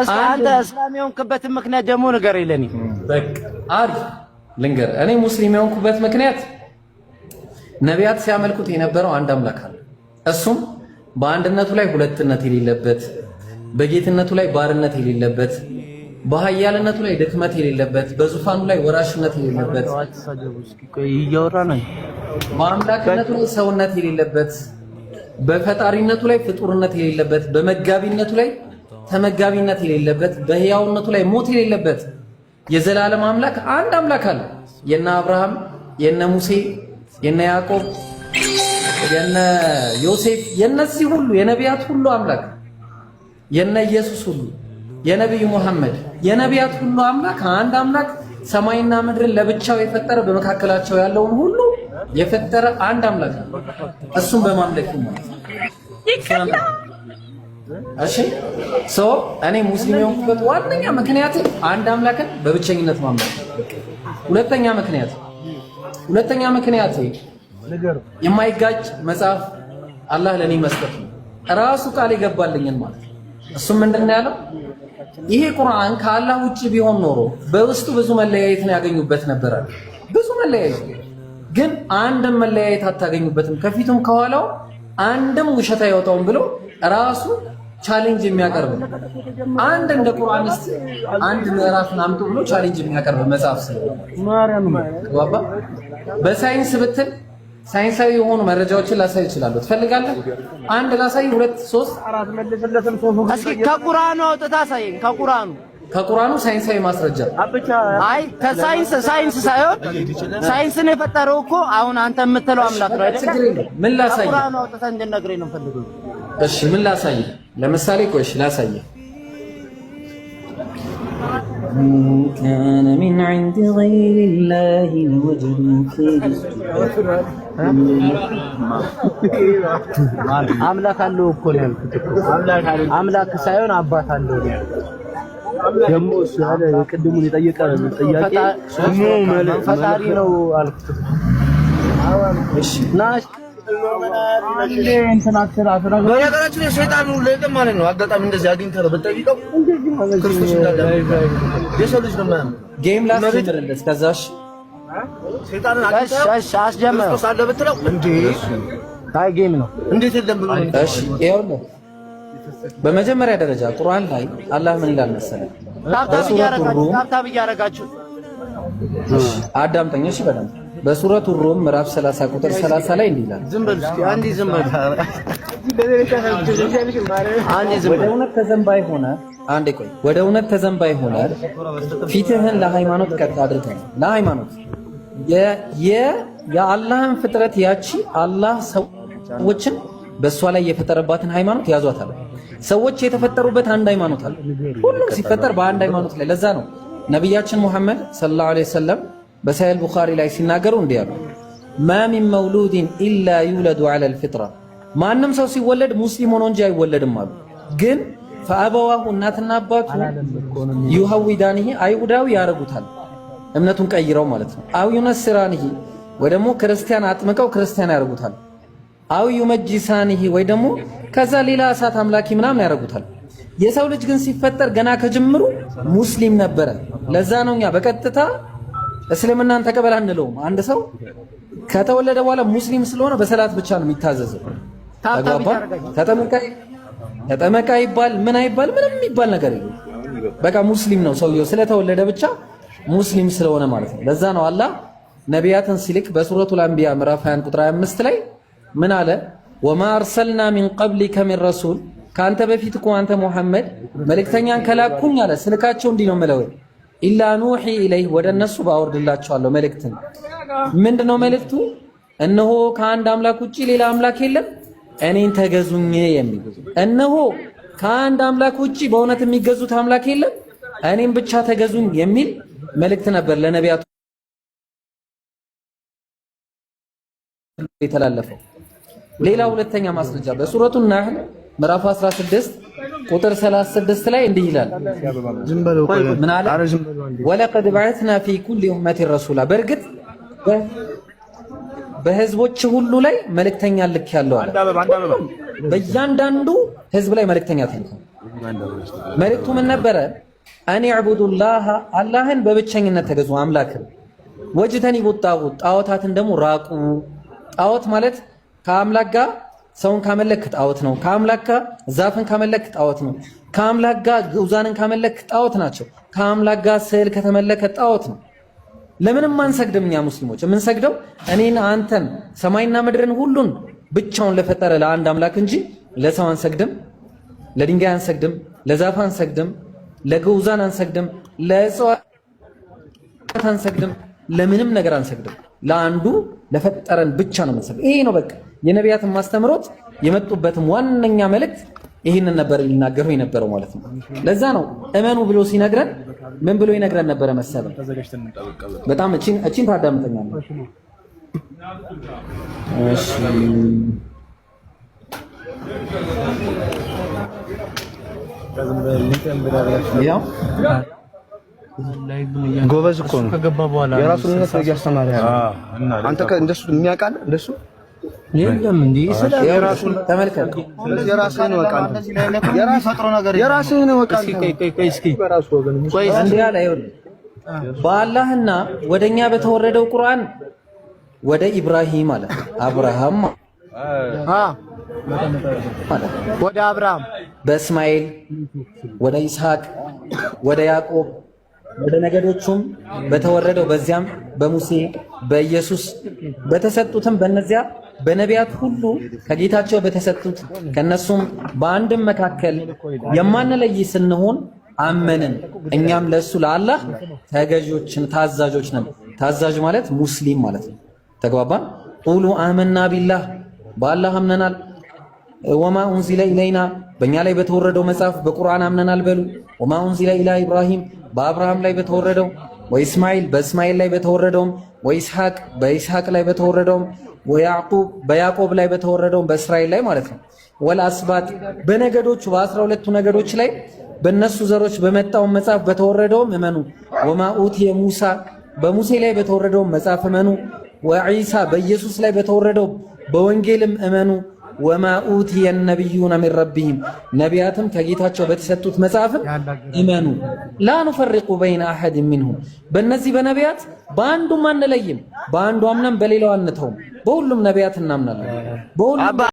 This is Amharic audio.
አንተ እስላም የሆንክበትን ምክንያት ደግሞ ነገር ይለኒ። በቃ አሪፍ ልንገር። እኔ ሙስሊም የሆንኩበት ምክንያት ነቢያት ሲያመልኩት የነበረው አንድ አምላክ አለ። እሱም በአንድነቱ ላይ ሁለትነት የሌለበት፣ በጌትነቱ ላይ ባርነት የሌለበት፣ በሀያልነቱ ላይ ድክመት የሌለበት፣ በዙፋኑ ላይ ወራሽነት የሌለበት፣ በአምላክነቱ ላይ ሰውነት የሌለበት፣ በፈጣሪነቱ ላይ ፍጡርነት የሌለበት፣ በመጋቢነቱ ላይ ተመጋቢነት የሌለበት በህያውነቱ ላይ ሞት የሌለበት የዘላለም አምላክ አንድ አምላክ አለ። የነ አብርሃም፣ የነ ሙሴ፣ የነ ያዕቆብ፣ የነ ዮሴፍ፣ የነዚህ ሁሉ የነቢያት ሁሉ አምላክ የነ ኢየሱስ ሁሉ የነብዩ ሙሐመድ የነቢያት ሁሉ አምላክ አንድ አምላክ ሰማይና ምድርን ለብቻው የፈጠረ በመካከላቸው ያለውን ሁሉ የፈጠረ አንድ አምላክ እሱም በማምለክ ነው። እሺ ሶ እኔ ሙስሊም የሆንኩበት ዋነኛ ምክንያት አንድ አምላክን በብቸኝነት ማምለክ። ሁለተኛ ምክንያት ሁለተኛ ምክንያት የማይጋጭ መጽሐፍ አላህ ለኔ መስጠት ነው። ራሱ ቃል ይገባልኝን ማለት እሱ ምንድን ነው ያለው? ይሄ ቁርአን ከአላህ ውጪ ቢሆን ኖሮ በውስጡ ብዙ መለያየት ነው ያገኙበት ነበረ። ብዙ መለያየት ግን አንድም መለያየት አታገኙበትም፣ ከፊቱም ከኋላው አንድም ውሸት አይወጣውም ብሎ ራሱ ቻሌንጅ የሚያቀርብ አንድ እንደ ቁርአንስ አንድ ምዕራፍ አምጡ ብሎ ቻሌንጅ የሚያቀርብ መጽሐፍ ስለሆነ በሳይንስ ብትል ሳይንሳዊ የሆኑ መረጃዎችን ላሳይ ይችላሉ። ትፈልጋለህ? አንድ ላሳይ፣ ሁለት፣ ሶስት፣ አራት መልስለትም እስኪ ከቁርአኑ አውጥታ ሳይን ከቁርአኑ ከቁርአኑ ሳይንሳዊ ማስረጃ አይ ከሳይንስ ሳይንስ ሳይሆን ሳይንስን የፈጠረው እኮ አሁን አንተ የምትለው አምላክ ነው አይደል? ምን ላሳይ? ቁርአኑ አውጥታ እንድነግረኝ ነው ፈልገው። እሺ ምን ላሳይ? ለምሳሌ ቆይሽ ላሳየ ካነ ሚን ዒንዲ ገይሪላሂ አምላክ አለው እኮ ነው ያልኩት። አምላክ ሳይሆን አባት አለው ደግሞ እሱ ያለ የቅድሙን የጠየቀ ጥያቄ ፈጣሪ ነው አልኩት። በነገራችን የሰይጣን ማለት ነው። አጋጣሚ እንደዚህ አግኝተህ ብትጠይቀው የሰው ልጅ ነው ጌም ጌም ነው እንዴት የለም ብሎ እሺ፣ ይኸውልህ በመጀመሪያ ደረጃ ቁርአን ላይ አላህ ምን ይላል መሰለህ? ታብታብ ታብታብ እያረጋችሁ አዳምጠኝ እሺ በደምብ በሱረቱ ሩም ምዕራፍ 30 ቁጥር 30 ላይ እንዲላል ይላል። ዝም በል እስኪ አንዴ ዝም በል ወደ እውነት ተዘንባይ ሆነ አንዴ ቆይ ወደ ፊትህን ለሃይማኖት ቀጥ አድርገህ ለሃይማኖት የአላህን ፍጥረት ያቺ አላህ ሰዎችን በእሷ ላይ የፈጠረባትን ሃይማኖት ያዟታል። ሰዎች የተፈጠሩበት አንድ ሃይማኖት አለ። ሁሉም ሲፈጠር በአንድ ሃይማኖት ላይ ለዛ ነው ነቢያችን ሙሐመድ ሰለላሁ ዐለይሂ ወሰለም በሳሂህ ቡኻሪ ላይ ሲናገሩ እንዲህ ያሉ ማ ሚን መውሉድን ኢላ ዩለዱ ዐለል ፊጥራ ማንም ሰው ሲወለድ ሙስሊም ሆኖ እንጂ አይወለድም አሉ። ግን ፈአበዋሁ እናትና አባቱ ዩሃዊዳንሂ አይሁዳዊ ያረጉታል፣ እምነቱን ቀይረው ማለት ነው። አው ዩነስራንሂ ወይ ደግሞ ክርስቲያን አጥምቀው ክርስቲያን ያረጉታል። አው ዩመጂሳንሂ ወይ ደግሞ ከዛ ሌላ እሳት አምላኪ ምናምን ያረጉታል። የሰው ልጅ ግን ሲፈጠር ገና ከጅምሩ ሙስሊም ነበረ። ለዛ ነው እኛ በቀጥታ እስልምናን ተቀበል አንለውም። አንድ ሰው ከተወለደ በኋላ ሙስሊም ስለሆነ በሰላት ብቻ ነው የሚታዘዘው። ተጠመቃ ይባል ምን አይባል ምንም የሚባል ነገር የለም። በቃ ሙስሊም ነው ሰውየው ስለተወለደ ብቻ ሙስሊም ስለሆነ ማለት ነው። ለዛ ነው አላህ ነቢያትን ሲልክ በሱረቱል አንቢያ ምዕራፍ 21 ቁጥር 25 ላይ ምን አለ? ወማ አርሰልና ሚን ቀብሊከ ሚን ረሱል ከአንተ በፊት እኮ አንተ ሙሐመድ መልእክተኛን ከላኩኝ አለ። ስልካቸው እንዲህ ነው የምለው ኢላ ኑሒ ኢለይህ ወደ እነሱ ባወርድላቸዋለሁ መልእክትን። ምንድነው መልእክቱ? እነሆ ከአንድ አምላክ ውጭ ሌላ አምላክ የለም እኔን ተገዙኝ የሚል እነሆ ከአንድ አምላክ ውጭ በእውነት የሚገዙት አምላክ የለም እኔም ብቻ ተገዙኝ የሚል መልእክት ነበር ለነቢያቱ የተላለፈው። ሌላ ሁለተኛ ማስረጃ በሱረቱ ናህል ምዕራፍ 16 ቁጥር 36 ላይ እንዲህ ይላል፣ ወለቀድ በዐትና ፊ ኩሊ ኡመቲን ረሱላ፣ በእርግጥ በህዝቦች ሁሉ ላይ መልእክተኛ ልክ ያለው አለ። በእያንዳንዱ ህዝብ ላይ መልእክተኛ ተልከው፣ መልእክቱ ምን ነበረ? አን ይዕቡዱላህ፣ አላህን በብቸኝነት ተገዙ አምላክን፣ ወጅተኒቡ ጣዖት ጣዖታትን ደግሞ ራቁ። ጣዖት ማለት ከአምላክ ጋር ሰውን ካመለክ ጣዖት ነው። ከአምላክ ጋር ዛፍን ካመለክ ጣዖት ነው። ከአምላክ ጋር ውዛንን ካመለክ ጣዖት ናቸው። ከአምላክ ጋር ስዕል ከተመለከ ጣዖት ነው። ለምንም አንሰግድም። እኛ ሙስሊሞች የምንሰግደው እኔን፣ አንተን፣ ሰማይና ምድርን ሁሉን ብቻውን ለፈጠረ ለአንድ አምላክ እንጂ ለሰው አንሰግድም፣ ለድንጋይ አንሰግድም፣ ለዛፍ አንሰግድም፣ ለግውዛን አንሰግድም፣ ለእጽዋት አንሰግድም፣ ለምንም ነገር አንሰግድም። ለአንዱ ለፈጠረን ብቻ ነው የምንሰግደው። ይሄ ነው በቃ የነቢያትን ማስተምሮት የመጡበትም ዋነኛ መልእክት ይህንን ነበር ሊናገሩ የነበረው ማለት ነው። ለዛ ነው እመኑ ብሎ ሲነግረን ምን ብሎ ይነግረን ነበረ መሰለ? በጣም እቺን እቺን ታዳምጠኛለህ። እሺ ጎበዝ እኮ ነው። የራሱን እውነት ነው እያስተማረ ያለው። አንተ እንደሱ የሚያውቃል እንደሱ የለም እንዴ የራስህን በአላህና ወደኛ በተወረደው ቁርአን ወደ ኢብራሂም አለ አብርሃም ወደ አብርሃም በእስማኤል ወደ ይስሐቅ ወደ ያዕቆብ ወደ ነገዶቹም በተወረደው በዚያም በሙሴ በኢየሱስ በተሰጡትም በነዚያ በነቢያት ሁሉ ከጌታቸው በተሰጡት ከነሱም በአንድም መካከል የማንለይ ስንሆን አመንን። እኛም ለእሱ ለአላህ ተገዦችን ታዛዦች ነን። ታዛዥ ማለት ሙስሊም ማለት ነው። ተግባባን። ቁሉ አመና ቢላህ በአላህ አምነናል። ወማ ኡንዚለ ኢለይና በእኛ ላይ በተወረደው መጽሐፍ በቁርአን አምነናል በሉ። ወማ ኡንዚለ ኢላ ኢብራሂም በአብርሃም ላይ በተወረደው ወይ እስማኤል በእስማኤል ላይ በተወረደውም ወይ ይስሐቅ በይስሐቅ ላይ በተወረደውም ወያዕቁብ በያዕቆብ ላይ በተወረደውም በእስራኤል ላይ ማለት ነው። ወልአስባት በነገዶቹ በአስራ ሁለቱ ነገዶች ላይ በእነሱ ዘሮች በመጣው መጽሐፍ በተወረደውም እመኑ። ወማኡት የሙሳ በሙሴ ላይ በተወረደውም መጽሐፍ እመኑ። ወዒሳ በኢየሱስ ላይ በተወረደው በወንጌልም እመኑ። ወማ ኡትየ ነቢዩነ ሚን ረቢሂም ነቢያትም ከጌታቸው በተሰጡት መጽሐፍም እመኑ ላ ኑፈሪቁ በይነ አሐድ ሚንሁም በእነዚህ በነቢያት በአንዱም አንለይም፣ በአንዱ አምነን በሌላው አንተውም። በሁሉም ነቢያት እናምናለን።